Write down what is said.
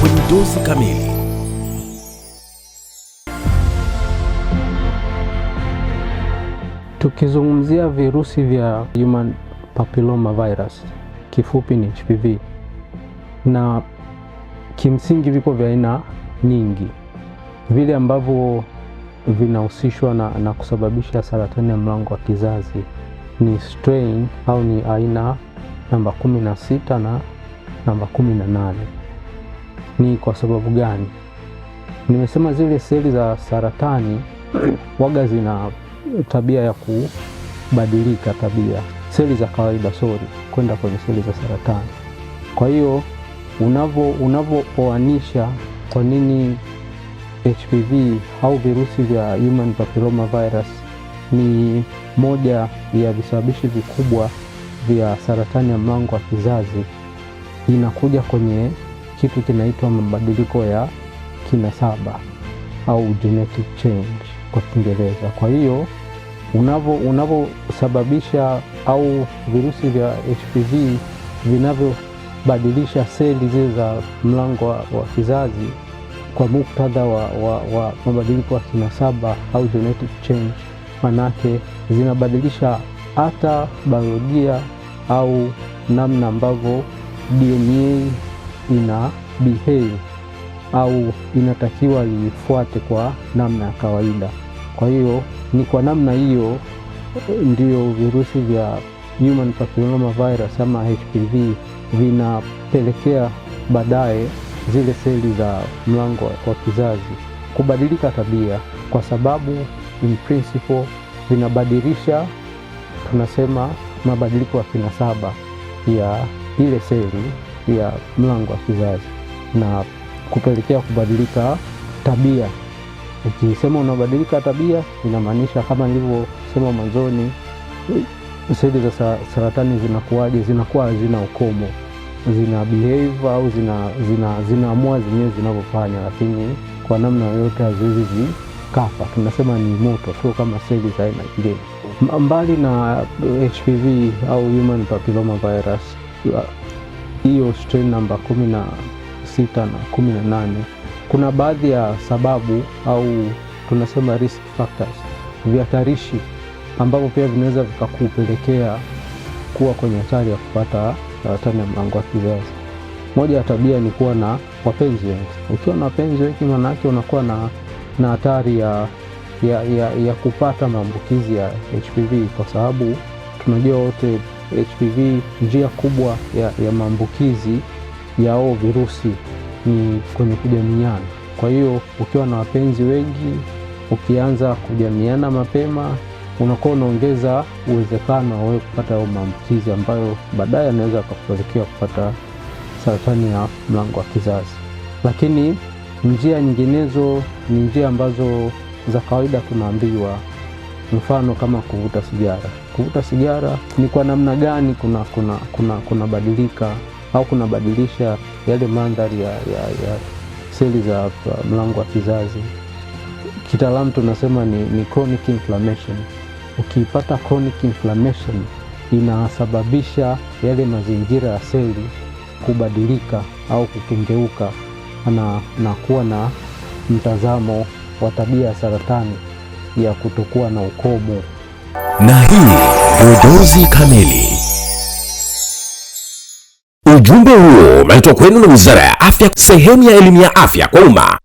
kwenye kamili. Tukizungumzia virusi vya human papilloma virus, kifupi ni HPV, na kimsingi viko vya aina nyingi, vile ambavyo vinahusishwa na, na kusababisha saratani ya mlango wa kizazi ni strain au ni aina namba 16 na namba 18 ni kwa sababu gani? Nimesema zile seli za saratani waga zina tabia ya kubadilika tabia, seli za kawaida sori, kwenda kwenye seli za saratani. Kwa hiyo unavyooanisha kwa nini HPV au virusi vya human papilloma virus ni moja ya visababishi vikubwa vya saratani ya mlango wa kizazi, inakuja kwenye kitu kinaitwa mabadiliko ya kinasaba au genetic change kwa Kiingereza. Kwa hiyo unavyosababisha au virusi vya HPV vinavyobadilisha seli zile za mlango wa, wa kizazi kwa muktadha wa, wa, wa mabadiliko ya kinasaba au genetic change, manake zinabadilisha hata biolojia au namna ambavyo DNA ina behave au inatakiwa ifuate kwa namna ya kawaida. Kwa hiyo ni kwa namna hiyo ndiyo virusi vya human papilloma virus ama HPV vinapelekea baadaye zile seli za mlango wa kizazi kubadilika tabia, kwa sababu in principle vinabadilisha, tunasema mabadiliko ya kinasaba ya ile seli ya mlango wa kizazi na kupelekea kubadilika tabia. Ukisema unabadilika tabia, inamaanisha kama nilivyosema mwanzoni, seli za saratani zinakuwaje? Zinakuwa hazina ukomo, zina behave au zinaamua zina, zina zenyewe zinavyofanya, lakini kwa namna yoyote haziwezi zikafa. Tunasema ni moto, sio kama seli za aina nyingine. Mbali na HPV au human papilloma virus hiyo strain namba kumi na sita na kumi na nane kuna baadhi ya sababu au tunasema risk factors, vihatarishi ambavyo pia vinaweza vikakupelekea kuwa kwenye hatari ya kupata saratani ya mlango wa kizazi. Moja ya tabia ni kuwa na wapenzi wengi. Ukiwa na wapenzi wengi, maana yake unakuwa na na hatari ya, ya, ya, ya kupata maambukizi ya HPV kwa sababu tunajua wote HPV, njia kubwa ya, ya maambukizi yao virusi ni kwenye kujamiana. Kwa hiyo ukiwa na wapenzi wengi, ukianza kujamiana mapema, unakuwa unaongeza uwezekano wa wewe kupata hayo maambukizi ambayo baadaye anaweza akakupelekea kupata saratani ya mlango wa kizazi. Lakini njia nyinginezo ni njia ambazo za kawaida tunaambiwa mfano kama kuvuta sigara. Kuvuta sigara ni kwa namna gani kuna kuna kuna kunabadilika au kunabadilisha yale mandhari ya, ya, ya seli za mlango wa kizazi. Kitaalamu tunasema ni, ni chronic inflammation. Ukiipata chronic inflammation inasababisha yale mazingira ya seli kubadilika au kukengeuka na, na kuwa na mtazamo wa tabia ya saratani ya kutokuwa na ukomo. Na hii Udozi Kamili. Ujumbe huo umeletwa kwenu na Wizara ya Afya, sehemu ya elimu ya afya kwa umma.